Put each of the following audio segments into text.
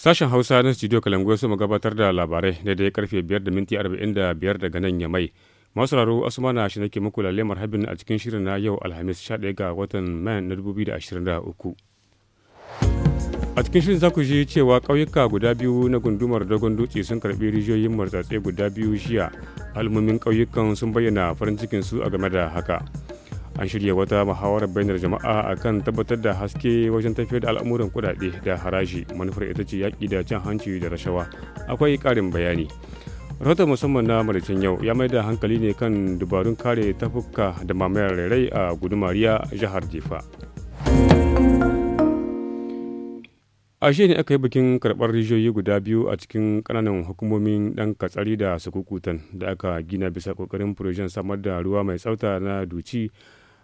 Sashen Hausa na Studio Kalangoyo su gabatar da labarai daidai karfe 5 da minti 45 daga nan ya mai. Masu raro Asmana shi nake muku lalle habin a cikin shirin na yau Alhamis 11 ga watan Mayan na 2023. A cikin shirin za ku ji cewa ƙauyuka guda biyu na gundumar dogon dutse sun karɓi rijiyoyin martsatse guda biyu jiya. Almumin ƙauyukan sun bayyana farin cikin su a game da haka. an shirya wata muhawarar bainar jama'a a kan tabbatar da haske wajen tafiyar da al'amuran kudade da haraji manufar ita ce yaƙi da cin hanci da rashawa akwai ƙarin bayani rahoton musamman na maricin yau ya mai da hankali ne kan dubarun kare tafuka da mamayar rairai a gudumariya jihar jefa a ne aka yi bikin karɓar rijiyoyi guda biyu a cikin ƙananan hukumomin ɗan katsari da sukukutan da aka gina bisa ƙoƙarin furojen samar da ruwa mai tsafta na duci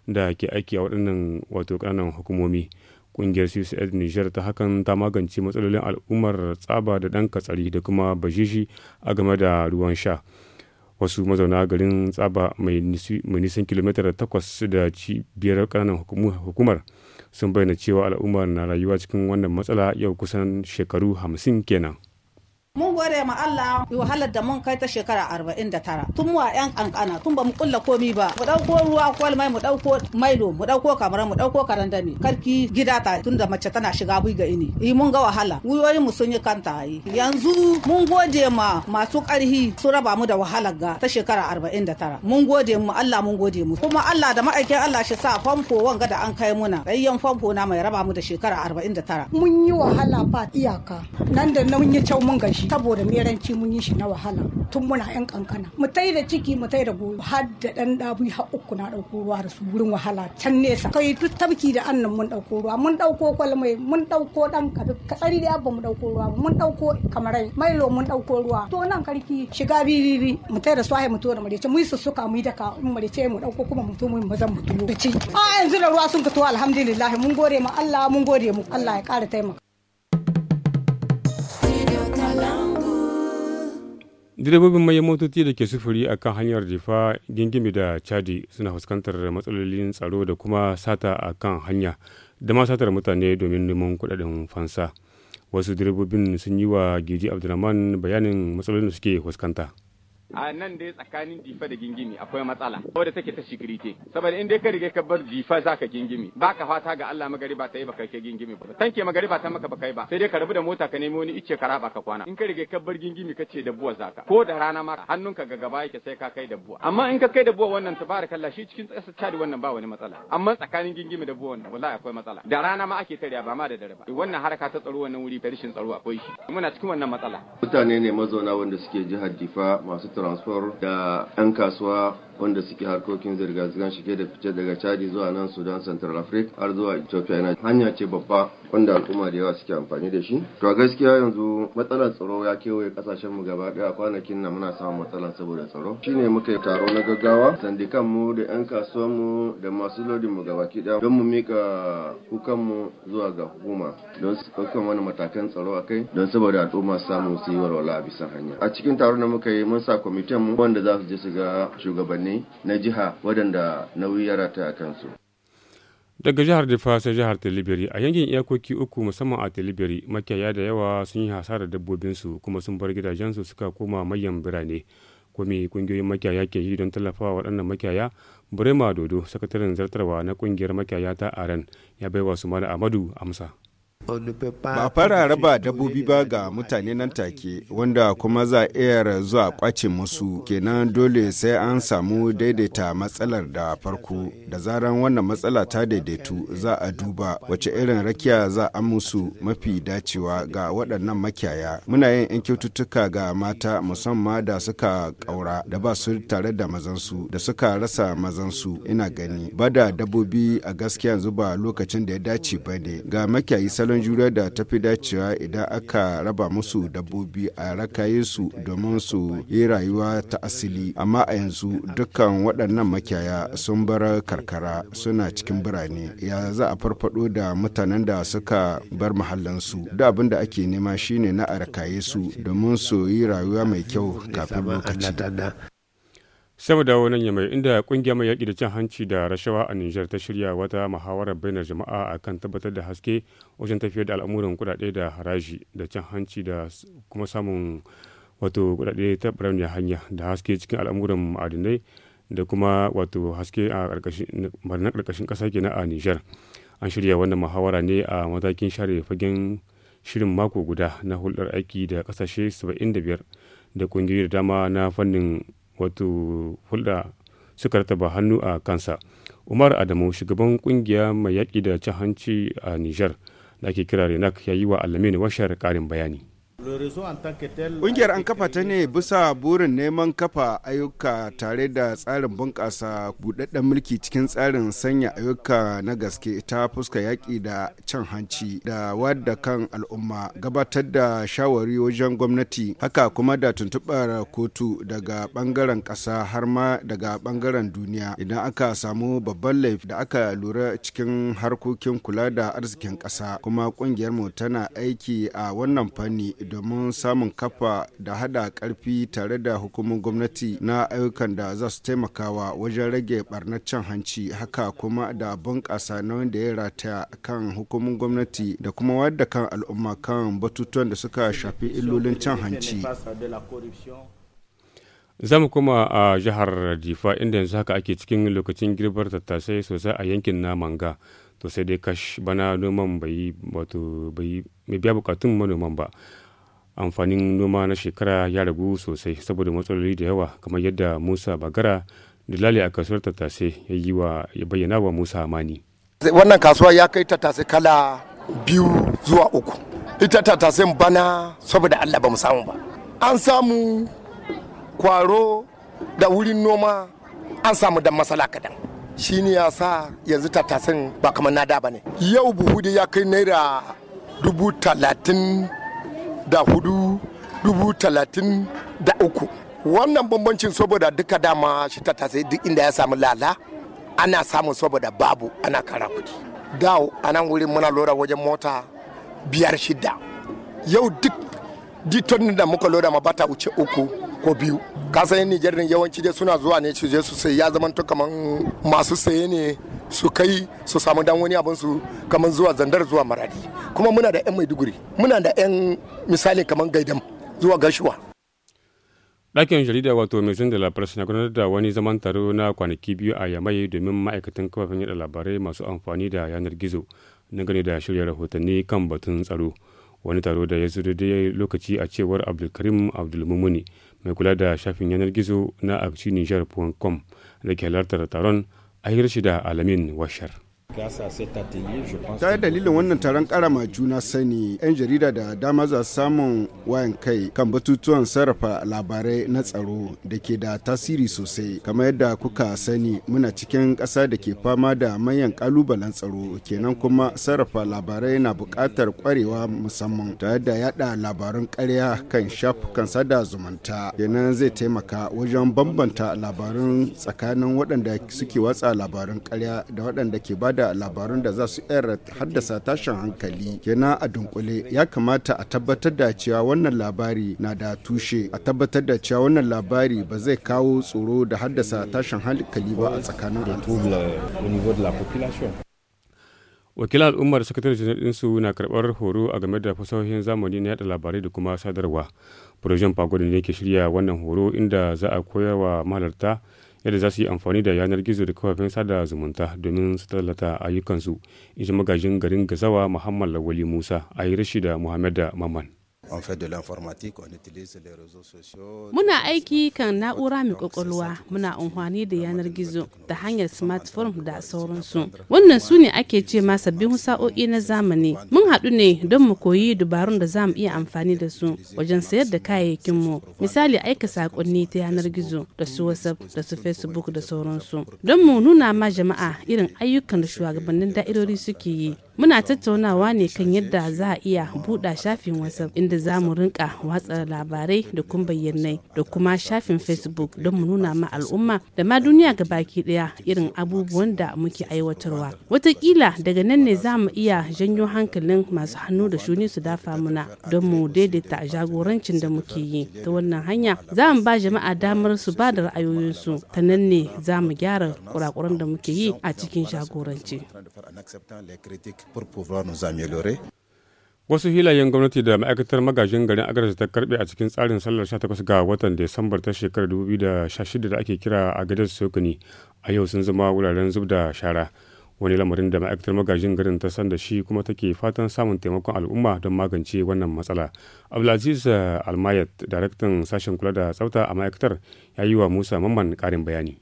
da ke aiki a waɗannan wato ƙananan hukumomi ƙungiyar ccs niger ta hakan ta magance matsalolin al'ummar tsaba da ɗan katsari da kuma bashishi a game da ruwan sha wasu mazauna garin tsaba mai nisan kilomitar takwas da cibiyar ƙananan hukumar sun bayyana cewa al'ummar na rayuwa cikin wannan matsala yau kusan shekaru hamsin kenan mun gode ma Allah wahalar da mun kai ta shekara 49 tun wa yan kankana tun ba mu kulla komi ba mu dauko ruwa koli-mai, mu dauko mailo mu dauko kamar mu dauko karandami karki gida ta tun da mace tana shiga bui ga ini yi mun ga wahala wuyoyin mu sun yi kanta yi yanzu mun gode ma masu karhi su raba mu da wahalar ga ta shekara 49 mun gode mu Allah mun gode mu kuma Allah da ma'aikin Allah shi sa famfo wanga da an kai muna rayyan famfo na mai raba mu da shekara 49 mun yi wahala ba iyaka nan da nan mun yi cewa mun gashi saboda meranci mun yi shi na wahala tun muna yan kankana mu tai da ciki mu tai da goyo har da dan dabu har uku na dauko ruwa da su wurin wahala can nesa kai duk tabki da annan mun dauko ruwa mun dauko kwalmai mun dauko dan kabi tsari da abba mu dauko ruwa mun dauko kamarai lo mun dauko ruwa to nan karki shiga bibibi mu tai da su mu to da marice mu yi sussuka mu yi daka mu marice mu dauko kuma mu to mu mazan mu tulo a yanzu da ruwa sun fito alhamdulillah mun gode ma Allah mun gode mu Allah ya kara taimaka direbobin manyan motoci da ke sufuri a kan hanyar jifa gingimi da caji suna fuskantar matsalolin tsaro da kuma sata a kan hanya da ma satar mutane domin neman kudaden fansa wasu direbobin sun yi wa gidi abdulrahman bayanin matsalolin da suke fuskanta a nan dai tsakanin jifa da gingimi akwai matsala wadda take ta shikirite saboda in dai ka riga ka bar za zaka gingimi ba ka fata ga Allah magari ba ta yi baka kai gingimi ba tanke magari ba ta maka baka yi ba sai dai ka rabu da mota ka nemi wani icce ka raba ka kwana in ka riga ka bar gingimi ka ce za ka. ko da rana ma hannunka ga gaba yake sai ka kai dabbuwa amma in ka kai dabbuwa wannan tabarakallah shi cikin tsasa da wannan ba wani matsala amma tsakanin gingimi da dabbuwa wannan wallahi akwai matsala da rana ma ake tarya ba ma da dare ba eh, wannan haraka ta tsaro wannan wuri ta tsaro akwai shi muna cikin wannan matsala mutane ne mazauna wanda suke jihar jifa masu transfer da 'yan kasuwa wanda suke harkokin zirga-zirgar shige da fice daga chadi zuwa nan sudan central africa har zuwa ethiopia yana hanya ce babba wanda al'umma da yawa suke amfani da shi to a gaskiya yanzu matsalar tsaro ya kewaye kasashen mu gaba daya kwanakin nan muna samun matsala saboda tsaro shine muka yi taro na gaggawa sandikan mu da yan kasuwan mu da masu lodin mu gabaki ki don mu mika kukan mu zuwa ga hukuma don su ɗaukan wani matakan tsaro a kai don saboda al'umma samu su yi walwala a bisa hanya a cikin taron da muka yi mun sa kwamitin mu wanda za su je su ga shugabanni mutane na jiha waɗanda nauyi ya rata a kansu. daga jihar difa sai jihar tilibiri a yankin iyakoki uku musamman a tilibiri makiyaya da yawa sun yi hasarar dabbobinsu kuma sun bar gidajensu suka koma mayan birane komi kungiyoyin makiyaya ke yi don tallafawa waɗannan makiyaya burema dodo sakataren zartarwa na kungiyar makiyaya ta aren ya baiwa su amadu amsa Ba a fara raba dabbobi ba ga mutane nan take wanda kuma za a iya zuwa kwace musu kenan dole sai an samu daidaita matsalar da farko da zaran wannan matsala ta daidaitu za a duba wace irin rakiya za a musu mafi dacewa ga waɗannan makiyaya. Muna yin 'yan kyaututtuka ga mata musamman da suka ƙaura da ba su tare da mazansu da suka rasa mazansu ina gani. Ba da dabbobi a gaskiya zuba lokacin da ya dace ba ne ga makiyayi salon jura da ta fi dacewa idan aka raba musu dabbobi a rakaye su domin su yi rayuwa ta asili amma a yanzu dukkan waɗannan makiyaya sun bar karkara suna cikin birane ya za a farfado da mutanen da suka bar mahallansu da abin da ake nema shine na a rakaye su domin su yi rayuwa mai kyau kafin lokaci saboda wani ya mai inda kungiyar mai yaƙi da cin hanci da rashawa a Nijar ta shirya wata muhawara bainar jama'a a kan tabbatar da haske wajen tafiyar da al'amuran kuɗaɗe da haraji da cin hanci da kuma samun wato kuɗaɗe ta barauniyar hanya da haske cikin al'amuran ma'adinai da kuma wato haske a ƙarƙashin ƙasa kenan a Nijar. An shirya wannan muhawara ne a matakin share fagen shirin mako guda na hulɗar aiki da ƙasashe 75 da ƙungiyoyi da dama na fannin wato hulɗa suka rataba hannu a kansa umar adamu shugaban kungiya mai yaƙi da cin hanci a niger da ake kira renak ya yi wa alamin washar ƙarin bayani Ƙungiyar an kafa ta ne bisa burin neman kafa ayyuka tare da tsarin bunƙasa buɗaɗɗen mulki cikin tsarin sanya ayyuka na gaske ta fuska yaƙi da cin hanci da wadda kan al'umma gabatar da shawari wajen gwamnati haka kuma da tuntuɓar kotu daga ɓangaren ƙasa har ma daga ɓangaren duniya idan aka samu babban laifi da aka lura cikin harkokin kula da arzikin ƙasa kuma ƙungiyarmu tana aiki a wannan fanni domin samun kafa da hada karfi tare da hukumar gwamnati na ayyukan da za su taimakawa wajen rage barnar hanci haka kuma da bunƙasa nauyin da ya rataya kan hukumar gwamnati da kuma wadda kan al'umma kan batutuwan da suka shafi illolin can hanci. za mu kuma a jihar jifa inda yanzu haka ake cikin lokacin girbar tattasai sosai a yankin na manga to sai dai kash bana noman bai bai biya bukatun manoman ba amfanin noma na shekara ya ragu sosai saboda matsaloli da yawa kamar yadda musa bagara da dalali a kasuwar tattase ya yi wa ya bayyana wa musa amani wannan kasuwa ya kai tattase kala biyu zuwa uku ita tattase bana saboda allah ba mu samu ba an samu kwaro da wurin noma an samu dan masala kadan shi ne ya sa yanzu tattasin ba kamar nada ba ne yau buhu da ya kai naira dubu talatin da hudu dubu talatin da uku wannan bambancin saboda duka dama shi ta tasiri duk inda ya samu lala ana samun saboda babu ana kara kudi da a nan wurin muna lura wajen mota biyar shida yau duk ditonin da muka lura ma bata wuce uku ko biyu kasan yin nijar yawanci dai suna zuwa ne su je su sai ya zama to kamar masu saye ne su kai su samu dan wani abin su kamar zuwa zandar zuwa maradi kuma muna da 'yan maiduguri muna da 'yan misali kamar gaidam zuwa gashuwa ɗakin jarida wato mai de la presse na gudanar da wani zaman taro na kwanaki biyu a yamai domin ma'aikatan kafafen yada labarai masu amfani da yanar gizo na gani da shirya rahotanni kan batun tsaro wani taro da ya zuru da lokaci a cewar abdulkarim abdulmumuni mai kula da shafin yanar gizo na akci nijar.com da ke halartar taron a hirshi da alamin washar. ta dalilin wannan taron karama juna sani 'yan jarida da dama za samun wayan kai kan batutuwan sarrafa labarai na tsaro da ke da tasiri sosai kamar yadda kuka sani muna cikin ƙasa da ke fama da manyan ƙalubalen tsaro kenan kuma sarrafa labarai na buƙatar ƙwarewa musamman tare da yada labarun ƙarya kan shafukan sada zumunta kenan zai taimaka wajen bambanta labarun tsakanin waɗanda suke watsa labarun ƙarya da waɗanda ke bada da labarun da za su iya haddasa tashin hankali kenan a dunkule ya kamata a tabbatar da cewa wannan labari na da tushe a tabbatar da cewa wannan labari ba zai kawo tsoro da haddasa tashin hankali ba a tsakanin al'umma wakilan al'ummar sakatare janar su na karɓar horo a game da fasahohin zamani na yada labarai da kuma sadarwa projen fagodin ne ke shirya wannan horo inda za a koyarwa mahalarta yadda za su yi amfani da yanar gizo da kafafen sada zumunta domin su tallata ayyukansu in ji magajin garin gazawa muhammad lawali musa a yi rashi da muhammad da maman Muna aiki kan na'ura mai kwakwalwa muna amfani da yanar gizo da hanyar smartphone da sauransu. Wannan su ne ake ce ma sabbin sa'o'i na zamani. Mun haɗu ne don mu koyi dubarun da za mu iya amfani da su wajen sayar da kayayyakin mu Misali aika saƙonni ta yanar gizo da su WhatsApp da su Facebook da sauransu. Don mu nuna ma jama'a irin ayyukan da shugabannin da'irori suke yi Muna tattaunawa ne kan yadda za a iya buɗa shafin WhatsApp inda za mu rinka watsa labarai da kuma bayyanai da kuma shafin Facebook don mu nuna ma al'umma da ma duniya ga baki ɗaya irin abubuwan da muke aiwatarwa. watakila daga nan ne za mu iya janyo hankalin masu hannu da shuni su dafa muna don mu daidaita jagorancin da muke yi. Ta wannan hanya za mu ba jama'a damar su ba da ra'ayoyinsu ta nan ne za mu gyara kurakuran da muke yi a cikin jagoranci. Wasu hilayen gwamnati da ma'aikatar magajin garin Agadez ta karbe a cikin tsarin sallar 18 ga watan Desambar ta shekarar 2016 da ake kira a gadar Sokuni a yau sun zama wuraren zub da shara. Wani lamarin da ma'aikatar magajin garin ta san da shi kuma take fatan samun taimakon al'umma don magance wannan matsala. Abdulaziz eh, Almayat, daraktan sashen kula da tsafta a ma'aikatar, ya yi wa Musa Mamman karin bayani.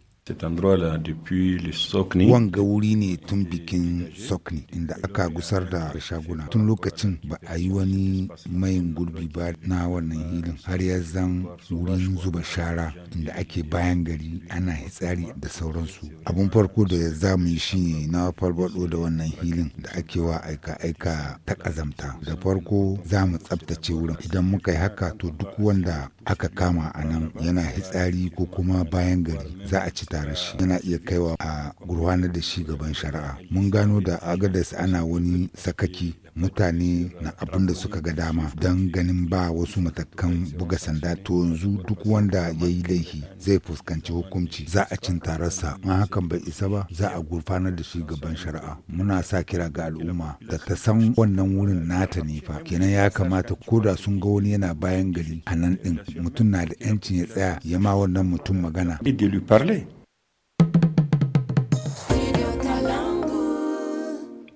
Wanga wuri ne tun bikin Sokni inda aka gusar da shaguna. Tun lokacin ba a yi wani mayin gurbi ba na wannan hilin har ya zan wurin zuba shara inda ake bayan gari ana hitsari da sauransu. Abun farko da ya za mu yi shi na farbado da wannan hilin da ake wa aika-aika ta ƙazamta. Da farko za mu tsabtace wurin. Idan muka yi haka to duk wanda aka kama a nan yana hitsari ko kuma bayan gari za a ci tare shi yana iya kaiwa a gurwana da shi gaban shari'a mun gano da agadas ana wani sakaki mutane na abin da suka ga dama don ganin ba wasu matakan buga sanda to yanzu duk wanda ya yi laifi zai fuskanci hukunci za a cin tararsa in hakan bai isa ba za a gurfanar da shi gaban shari'a muna sa kira ga al'umma da ta san wannan wurin nata ne fa kenan ya kamata ko da sun ga wani yana bayan gari a nan din mutum na da 'yancin ya tsaya ya ma wannan mutum magana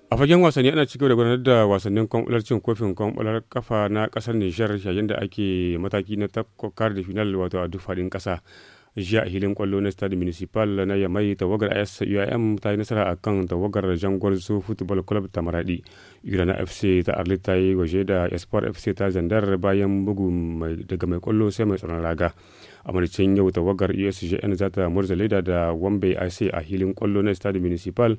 A fagen wasanni ana cikin da gudanar da wasannin kwamfular cin kofin kwamfular kafa na kasar Nijar yayin da ake mataki na tafkokar da final wato a duk fadin kasa Jiya a hilin kwallo na Stade Municipal na Yamai tawagar ISUIM ta yi nasara a kan tawagar Jangwar su Football Club ta Maradi. Irana FC ta arli ta yi waje da Espoir FC ta Zandar bayan bugu daga mai kwallo sai mai tsaron raga. A maricin yau tawagar USGN za ta murza leda da Wambe IC a hilin kwallo na Stade Municipal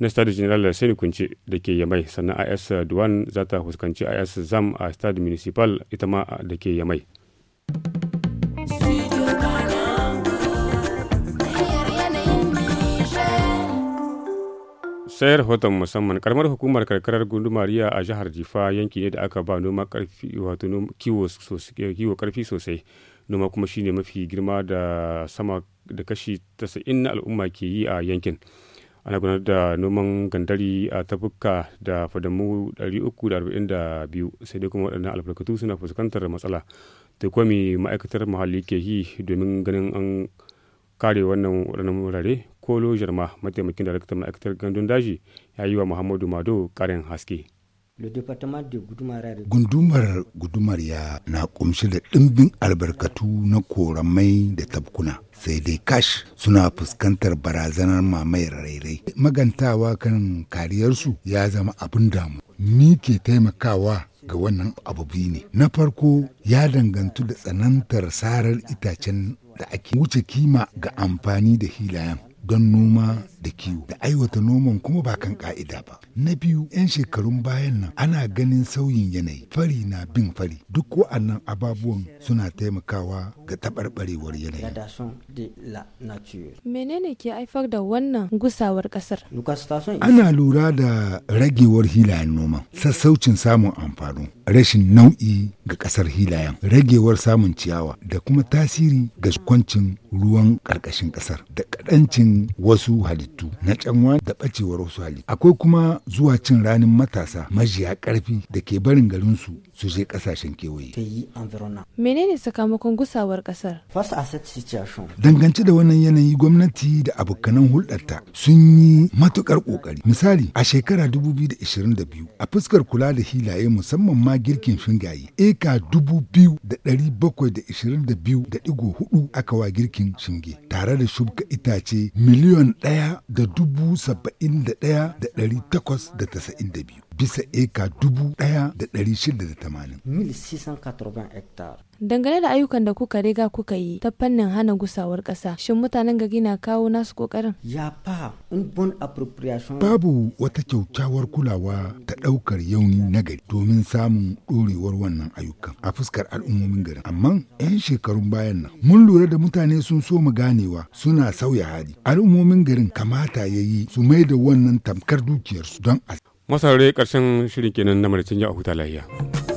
na stade general sani kunce da ke yamai sannan is duwan za ta fuskanci is zam a stade municipal ita ma da ke yamai sayar hoton musamman karamar hukumar karkarar gundumariya a jihar jifa yanki ne da aka ba noma karfi wato kiwo karfi sosai noma kuma shine mafi girma da sama da kashi 90 na al'umma ke yi a yankin ana gudanar da noman gandari a tafuka da fadamu 342 sai dai kuma waɗannan albarkatu suna fuskantar matsala ta kwami ma'aikatar muhalli ke yi domin ganin an kare wannan waɗannan wurare ko lojar ma mataimakin daraktan ma'aikatar gandun daji ya yi wa muhammadu mado ƙarin haske Gundumar gudumar ya na kumshi da ɗimbin albarkatu na koramai da tabkuna. sai dai kash suna fuskantar barazanar mamayar rairai magantawa kan kariyarsu ya zama abin damu ni ke taimakawa ga wannan abu ne na farko ya dangantu da tsanantar sarar itacen da ake wuce kima ga amfani da hilayen don noma da kiwo da aiwata noman kuma ba kan ka'ida ba. Na biyu 'yan shekarun bayan nan ana ganin sauyin yanayi fari na bin fari duk wa'annan ababuwan suna taimakawa ga taɓarɓarewar yanayi. Menene ke haifar da wannan gusawar ƙasar? Ana lura da ragewar hilayen noman. sassaucin samun amfani, rashin nau'i ga ƙasar hilayen, ragewar samun ciyawa da kuma tasiri ga kwancin ruwan karkashin ƙasar da kadancin wasu halittu. halittu na canwa da ɓacewar wasu halittu. Akwai kuma zuwa cin ranin matasa majiya ƙarfi da ke barin garinsu su je kasashen kewaye. Menene sakamakon gusawar kasar? Dangance da wannan yanayi gwamnati da abokanan hulɗarta sun yi matukar kokari. Misali a shekara 2022 a fuskar kula da hilaye musamman ma girkin shingaye eka 2,722.4 aka wa girkin shinge tare da shubka itace miliyon ɗaya da dubu saba'in da ɗaya da ɗari takwas da tasa'in da biyu. bisa eka dubu ɗaya da ɗari shida da tamanin. Mil hectare. Dangane da ayyukan da kuka riga kuka yi ta fannin hana gusawar ƙasa, shin mutanen gari na kawo nasu ƙoƙarin? Ya fa bon appropriation. Babu wata kyaukyawar kulawa ta ɗaukar yauni na gari domin samun ɗorewar wannan ayyukan a fuskar al'ummomin garin. Amma 'yan shekarun bayan nan mun lura da mutane sun so mu ganewa suna sauya hali. Al'ummomin garin kamata ya yi su mai da wannan tamkar dukiyarsu don a masarai ƙarshen shirin kenan na maricin a huta lahiya.